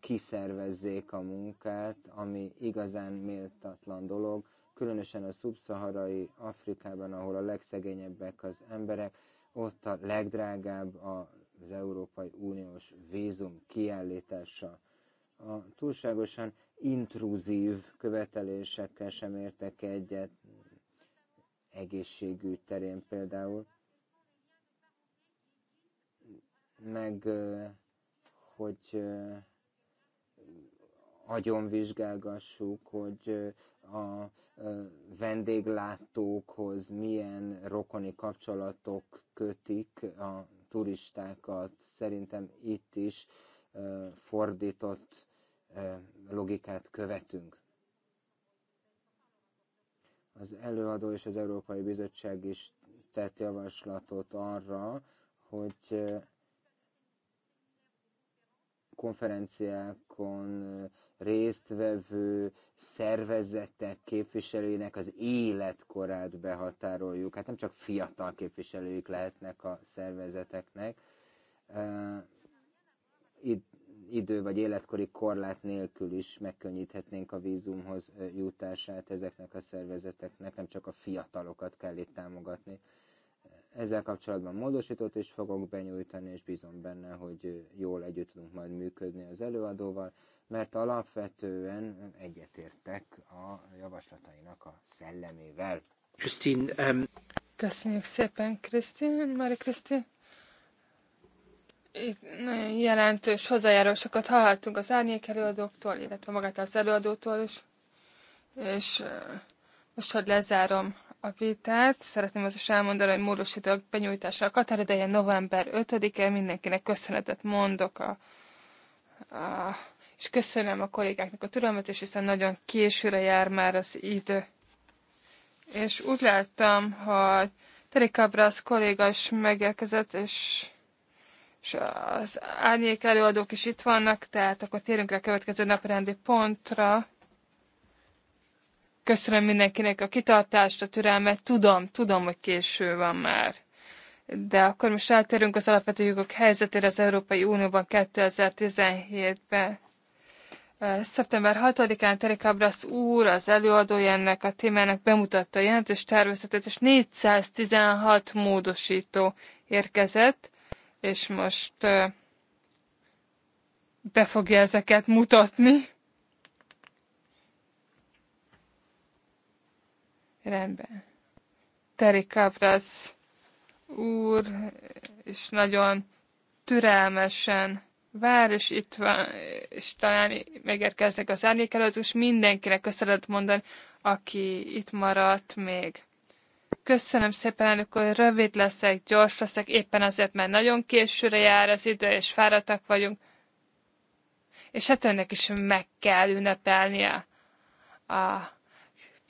kiszervezzék a munkát, ami igazán méltatlan dolog különösen a szubszaharai Afrikában, ahol a legszegényebbek az emberek, ott a legdrágább az Európai Uniós vízum kiállítása. A túlságosan intruzív követelésekkel sem értek egyet, egészségügy terén például, meg hogy agyonvizsgálgassuk, hogy a vendéglátókhoz milyen rokoni kapcsolatok kötik a turistákat. Szerintem itt is fordított logikát követünk. Az előadó és az Európai Bizottság is tett javaslatot arra, hogy konferenciákon résztvevő szervezetek képviselőinek az életkorát behatároljuk. Hát nem csak fiatal képviselőik lehetnek a szervezeteknek, idő vagy életkori korlát nélkül is megkönnyíthetnénk a vízumhoz jutását ezeknek a szervezeteknek, nem csak a fiatalokat kell itt támogatni ezzel kapcsolatban módosítót is fogok benyújtani, és bízom benne, hogy jól együtt tudunk majd működni az előadóval, mert alapvetően egyetértek a javaslatainak a szellemével. Krisztin, um... Köszönjük szépen, Krisztin, Mari Krisztin. Itt nagyon jelentős hozzájárulásokat hallhattunk az árnyék előadóktól, illetve magát az előadótól is. És uh, most, hogy lezárom a vitát. Szeretném az is elmondani, hogy módosítók benyújtása a ideje november 5-e. Mindenkinek köszönetet mondok, a, a, és köszönöm a kollégáknak a türelmet, és hiszen nagyon későre jár már az idő. És úgy láttam, hogy Terry Cabrász kolléga is megérkezett, és, és az árnyék előadók is itt vannak, tehát akkor térünk rá a következő rendi pontra. Köszönöm mindenkinek a kitartást, a türelmet. Tudom, tudom, hogy késő van már. De akkor most eltérünk az alapvető jogok helyzetére az Európai Unióban 2017-ben. Szeptember 6-án Terek Abrasz úr, az előadója ennek a témának bemutatta a jelentős tervezetet, és 416 módosító érkezett, és most be fogja ezeket mutatni. Rendben. Terry Cabras úr, és nagyon türelmesen vár, és itt van, és talán megérkeznek az árnyék előtt, és mindenkinek köszönet mondani, aki itt maradt még. Köszönöm szépen, elnök hogy rövid leszek, gyors leszek, éppen azért, mert nagyon későre jár az idő, és fáradtak vagyunk. És hát önnek is meg kell ünnepelnie a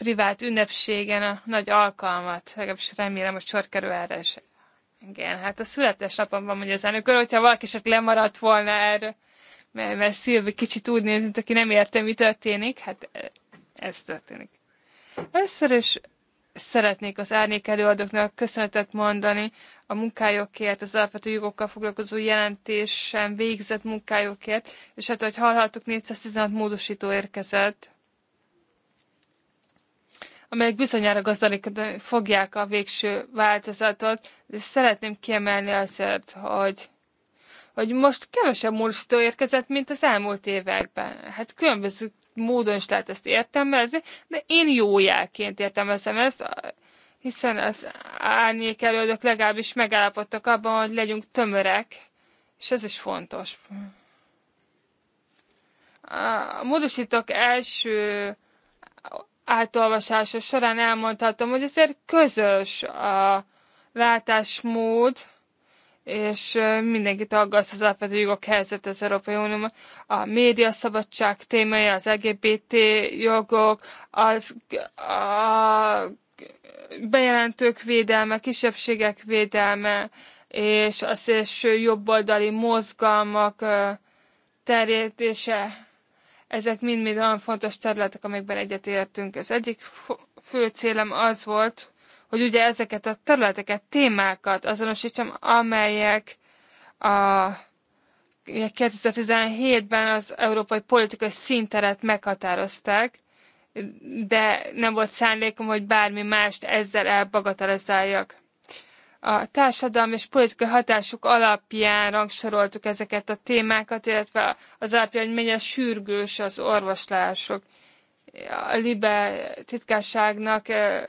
privát ünnepségen a nagy alkalmat. Legalábbis remélem, hogy sor kerül erre is. Igen, hát a születésnapom van, mondja az elnök úr, hogyha valaki csak lemaradt volna erről, mert, mert Szilvi kicsit úgy néz, mint aki nem érte, mi történik, hát ez történik. Először is szeretnék az árnyék előadóknak köszönetet mondani a munkájukért, az alapvető jogokkal foglalkozó jelentésen végzett munkájukért, és hát, ahogy hallhattuk, 416 módosító érkezett amelyek bizonyára gazdagítani fogják a végső változatot, de szeretném kiemelni azért, hogy, hogy most kevesebb módosító érkezett, mint az elmúlt években. Hát különböző módon is lehet ezt értelmezni, de én jó jelként értelmezem ezt, hiszen az árnyék előadók legalábbis megállapodtak abban, hogy legyünk tömörek, és ez is fontos. A módosítók első átolvasása során elmondhatom, hogy azért közös a látásmód, és mindenkit aggaszt az alapvető jogok helyzet az Európai Unióban. A médiaszabadság témája, az LGBT jogok, az, a bejelentők védelme, kisebbségek védelme, és az és jobboldali mozgalmak terjedése ezek mind-mind olyan fontos területek, amikben egyetértünk. Az egyik fő célem az volt, hogy ugye ezeket a területeket, témákat azonosítsam, amelyek a 2017-ben az európai politikai színteret meghatározták, de nem volt szándékom, hogy bármi mást ezzel elbagatelezáljak a társadalmi és politikai hatásuk alapján rangsoroltuk ezeket a témákat, illetve az alapján, hogy mennyire sürgős az orvoslások. A LIBE titkárságnak eh,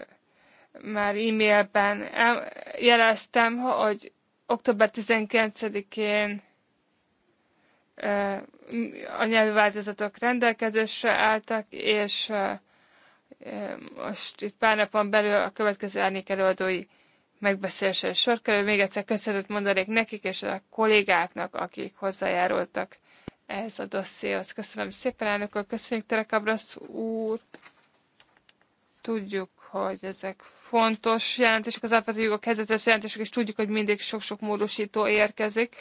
már e-mailben jeleztem, hogy október 19-én eh, a nyelvi változatok rendelkezésre álltak, és eh, most itt pár napon belül a következő árnyék előadói megbeszélésre sor kerül. Még egyszer köszönet mondanék nekik és a kollégáknak, akik hozzájárultak ehhez a dossziéhoz. Köszönöm szépen, elnök úr, köszönjük Abrasz úr. Tudjuk, hogy ezek fontos jelentések, az alapvető jogok helyzetes jelentések, és tudjuk, hogy mindig sok-sok módosító érkezik.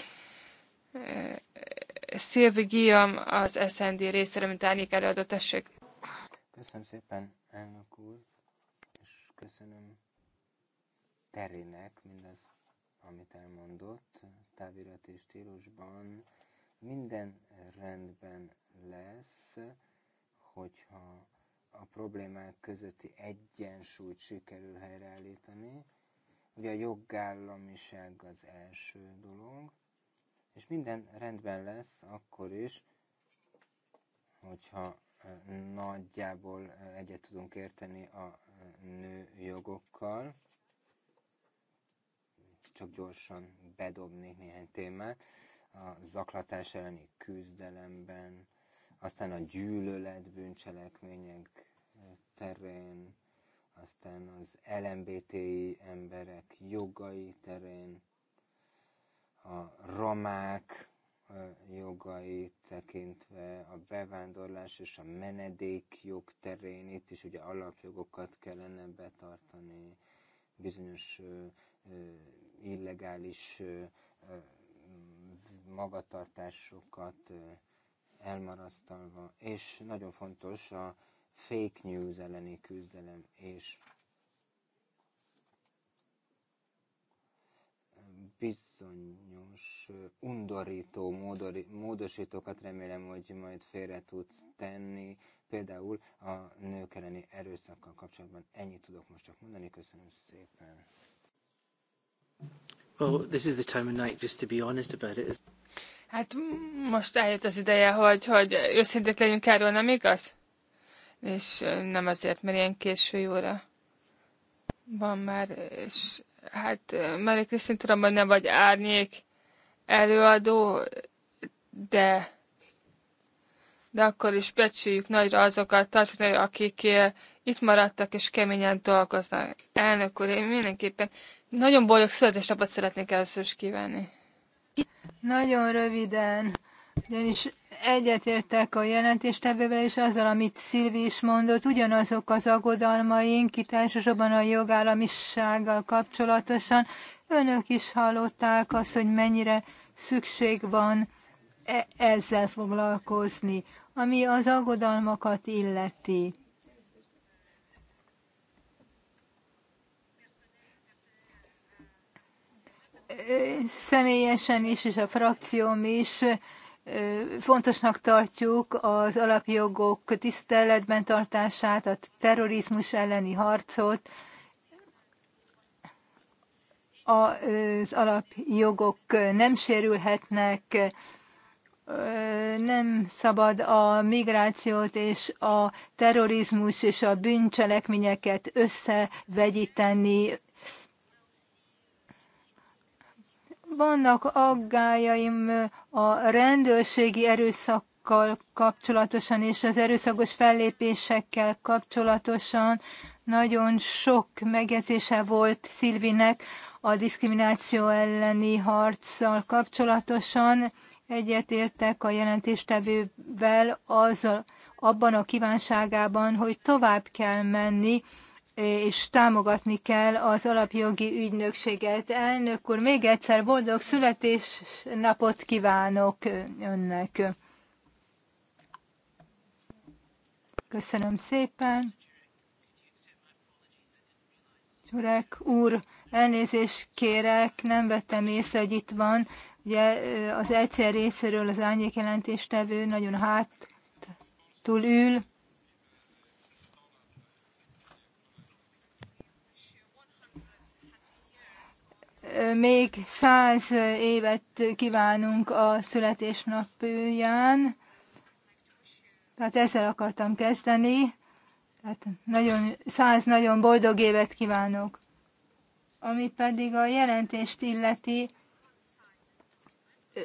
Szilvi Guillaume az SND részére, mint árnyék előadó, tessék. Köszönöm szépen, elnök úr, és köszönöm terének mindaz, amit elmondott, és stílusban minden rendben lesz, hogyha a problémák közötti egyensúlyt sikerül helyreállítani. Ugye a jogállamiság az első dolog, és minden rendben lesz akkor is, hogyha eh, nagyjából eh, egyet tudunk érteni a eh, nő jogokkal csak gyorsan bedobnék néhány témát. A zaklatás elleni küzdelemben, aztán a gyűlölet bűncselekmények terén, aztán az LMBTI emberek jogai terén, a romák jogai tekintve, a bevándorlás és a menedékjog terén, itt is ugye alapjogokat kellene betartani, bizonyos illegális magatartásokat elmarasztalva, és nagyon fontos a fake news elleni küzdelem, és bizonyos undorító módosítókat remélem, hogy majd félre tudsz tenni, például a nők elleni erőszakkal kapcsolatban ennyit tudok most csak mondani, köszönöm szépen. Well, this is the time of night just to be honest about it. Hát most eljött az ideje, hogy, hogy őszintét legyünk erről, nem igaz? És nem azért, mert ilyen késő óra van már, és hát Mary Krisztin tudom, hogy nem vagy árnyék előadó, de de akkor is becsüljük nagyra azokat, tartsuk akik eh, itt maradtak és keményen dolgoznak. Elnök úr, én mindenképpen nagyon boldog születésnapot szeretnék először is kívánni. Nagyon röviden, ugyanis egyetértek a jelentéstevővel és azzal, amit Szilvi is mondott, ugyanazok az aggodalmaink, itt elsősorban a jogállamisággal kapcsolatosan. Önök is hallották azt, hogy mennyire szükség van e ezzel foglalkozni, ami az aggodalmakat illeti. személyesen is, és a frakcióm is fontosnak tartjuk az alapjogok tiszteletben tartását, a terrorizmus elleni harcot, az alapjogok nem sérülhetnek, nem szabad a migrációt és a terrorizmus és a bűncselekményeket összevegyíteni, Vannak aggájaim a rendőrségi erőszakkal kapcsolatosan és az erőszakos fellépésekkel kapcsolatosan. Nagyon sok megjegyzése volt Szilvinek a diszkrimináció elleni harccal kapcsolatosan. Egyetértek a jelentéstevővel azzal, abban a kívánságában, hogy tovább kell menni és támogatni kell az alapjogi ügynökséget. Elnök úr, még egyszer boldog születésnapot kívánok önnek. Köszönöm szépen. Gyurek úr, elnézést kérek, nem vettem észre, hogy itt van. Ugye az egyszer részéről az árnyék jelentéstevő nagyon túl ül. még száz évet kívánunk a születésnapján. Tehát ezzel akartam kezdeni. Tehát nagyon, száz nagyon boldog évet kívánok. Ami pedig a jelentést illeti,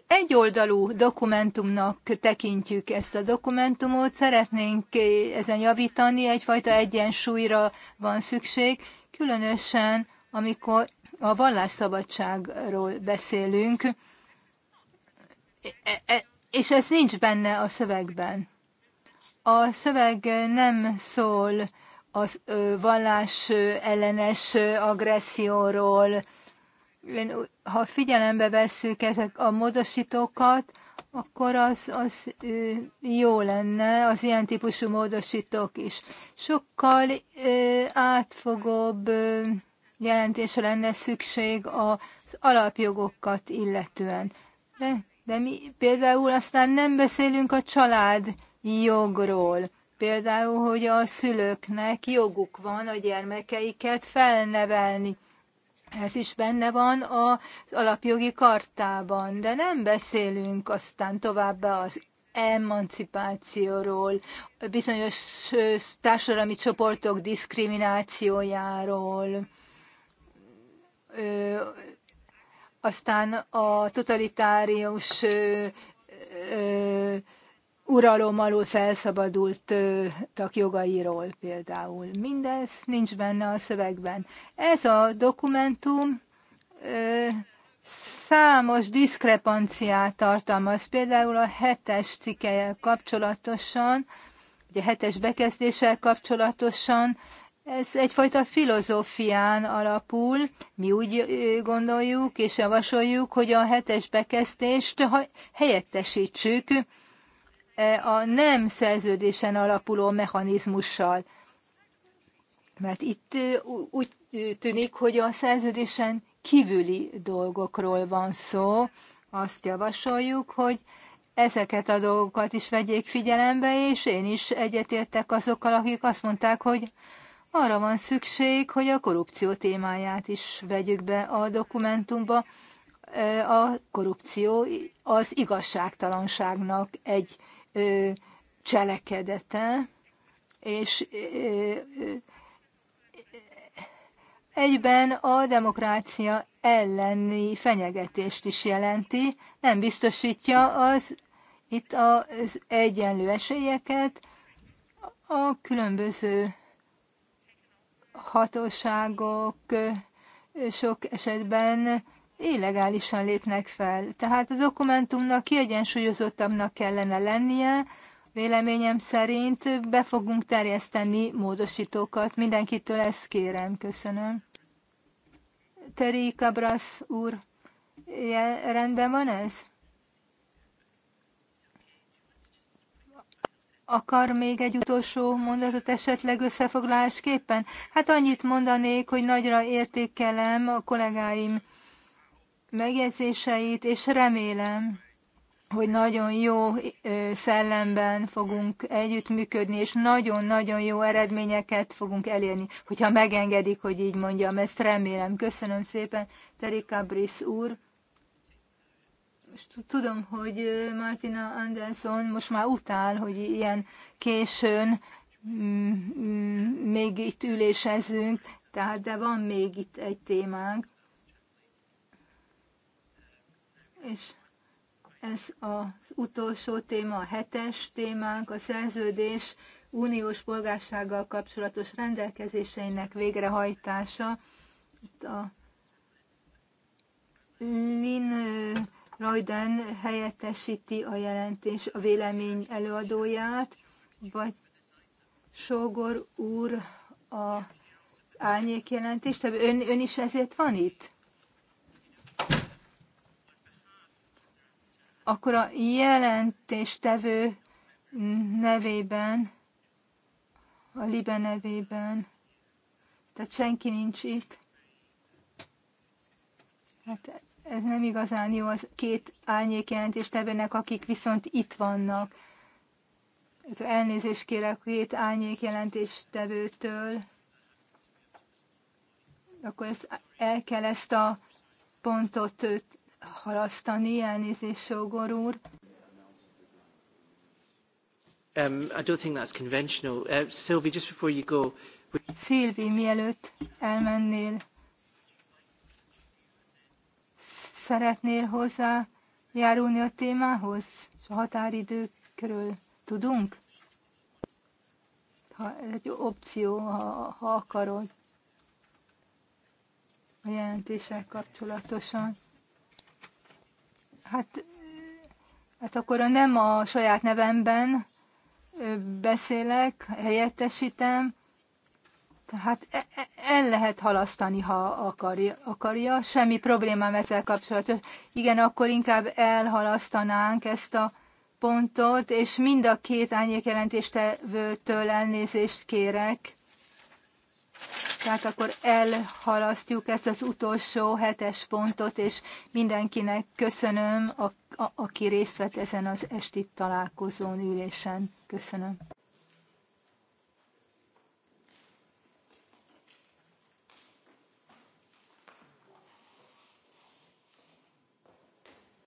egyoldalú dokumentumnak tekintjük ezt a dokumentumot, szeretnénk ezen javítani, egyfajta egyensúlyra van szükség, különösen amikor a vallásszabadságról beszélünk, e, e, és ez nincs benne a szövegben. A szöveg nem szól a vallás ellenes agresszióról. Ha figyelembe vesszük ezek a módosítókat, akkor az, az jó lenne, az ilyen típusú módosítók is. Sokkal átfogóbb jelentésre lenne szükség az alapjogokat illetően. De, de mi például aztán nem beszélünk a család jogról. Például, hogy a szülőknek joguk van a gyermekeiket felnevelni. Ez is benne van az alapjogi kartában, de nem beszélünk aztán továbbá az emancipációról, bizonyos társadalmi csoportok diszkriminációjáról aztán a totalitárius uralom alól felszabadultak jogairól például. Mindez nincs benne a szövegben. Ez a dokumentum számos diszkrepanciát tartalmaz, például a hetes cikkel kapcsolatosan, ugye hetes bekezdéssel kapcsolatosan ez egyfajta filozófián alapul. Mi úgy gondoljuk és javasoljuk, hogy a hetes bekezdést helyettesítsük e, a nem szerződésen alapuló mechanizmussal. Mert itt úgy tűnik, hogy a szerződésen kívüli dolgokról van szó. Azt javasoljuk, hogy ezeket a dolgokat is vegyék figyelembe, és én is egyetértek azokkal, akik azt mondták, hogy arra van szükség, hogy a korrupció témáját is vegyük be a dokumentumba. A korrupció az igazságtalanságnak egy cselekedete, és egyben a demokrácia elleni fenyegetést is jelenti, nem biztosítja az itt az egyenlő esélyeket a különböző hatóságok sok esetben illegálisan lépnek fel. Tehát a dokumentumnak kiegyensúlyozottabbnak kellene lennie, véleményem szerint be fogunk terjeszteni módosítókat. Mindenkitől ezt kérem. Köszönöm. Teri Kabrasz úr, rendben van ez? akar még egy utolsó mondatot esetleg összefoglalásképpen? Hát annyit mondanék, hogy nagyra értékelem a kollégáim megjegyzéseit, és remélem, hogy nagyon jó szellemben fogunk együttműködni, és nagyon-nagyon jó eredményeket fogunk elérni, hogyha megengedik, hogy így mondjam, ezt remélem. Köszönöm szépen, Terika Brisz úr tudom, hogy Martina Anderson most már utál, hogy ilyen későn mm, mm, még itt ülésezünk, tehát de van még itt egy témánk. És ez az utolsó téma, a hetes témánk, a szerződés uniós polgársággal kapcsolatos rendelkezéseinek végrehajtása. Itt a Lin Royden helyettesíti a jelentés, a vélemény előadóját, vagy Sógor úr a árnyék jelentést. Ön, ön is ezért van itt? Akkor a jelentéstevő nevében, a Libe nevében, tehát senki nincs itt. Hát ez nem igazán jó az két árnyék jelentéstevőnek, akik viszont itt vannak. Elnézést kérek két árnyék tevőtől. Akkor ez, el kell ezt a pontot halasztani, elnézést, Sógor úr. Um, I don't think that's conventional. Uh, Sylvie, just before you go... Sylvie, mielőtt elmennél, szeretnél hozzá járulni a témához? A határidőkről tudunk? Ha, egy opció, ha, ha akarod a jelentéssel kapcsolatosan. Hát, hát akkor nem a saját nevemben beszélek, helyettesítem, tehát e, e, el lehet halasztani, ha akarja, akarja. semmi problémám ezzel kapcsolatos. Igen, akkor inkább elhalasztanánk ezt a pontot, és mind a két árnyékjelentéstevőtől elnézést kérek. Tehát akkor elhalasztjuk ezt az utolsó hetes pontot, és mindenkinek köszönöm, a, a, aki részt vett ezen az esti találkozón, ülésen. Köszönöm.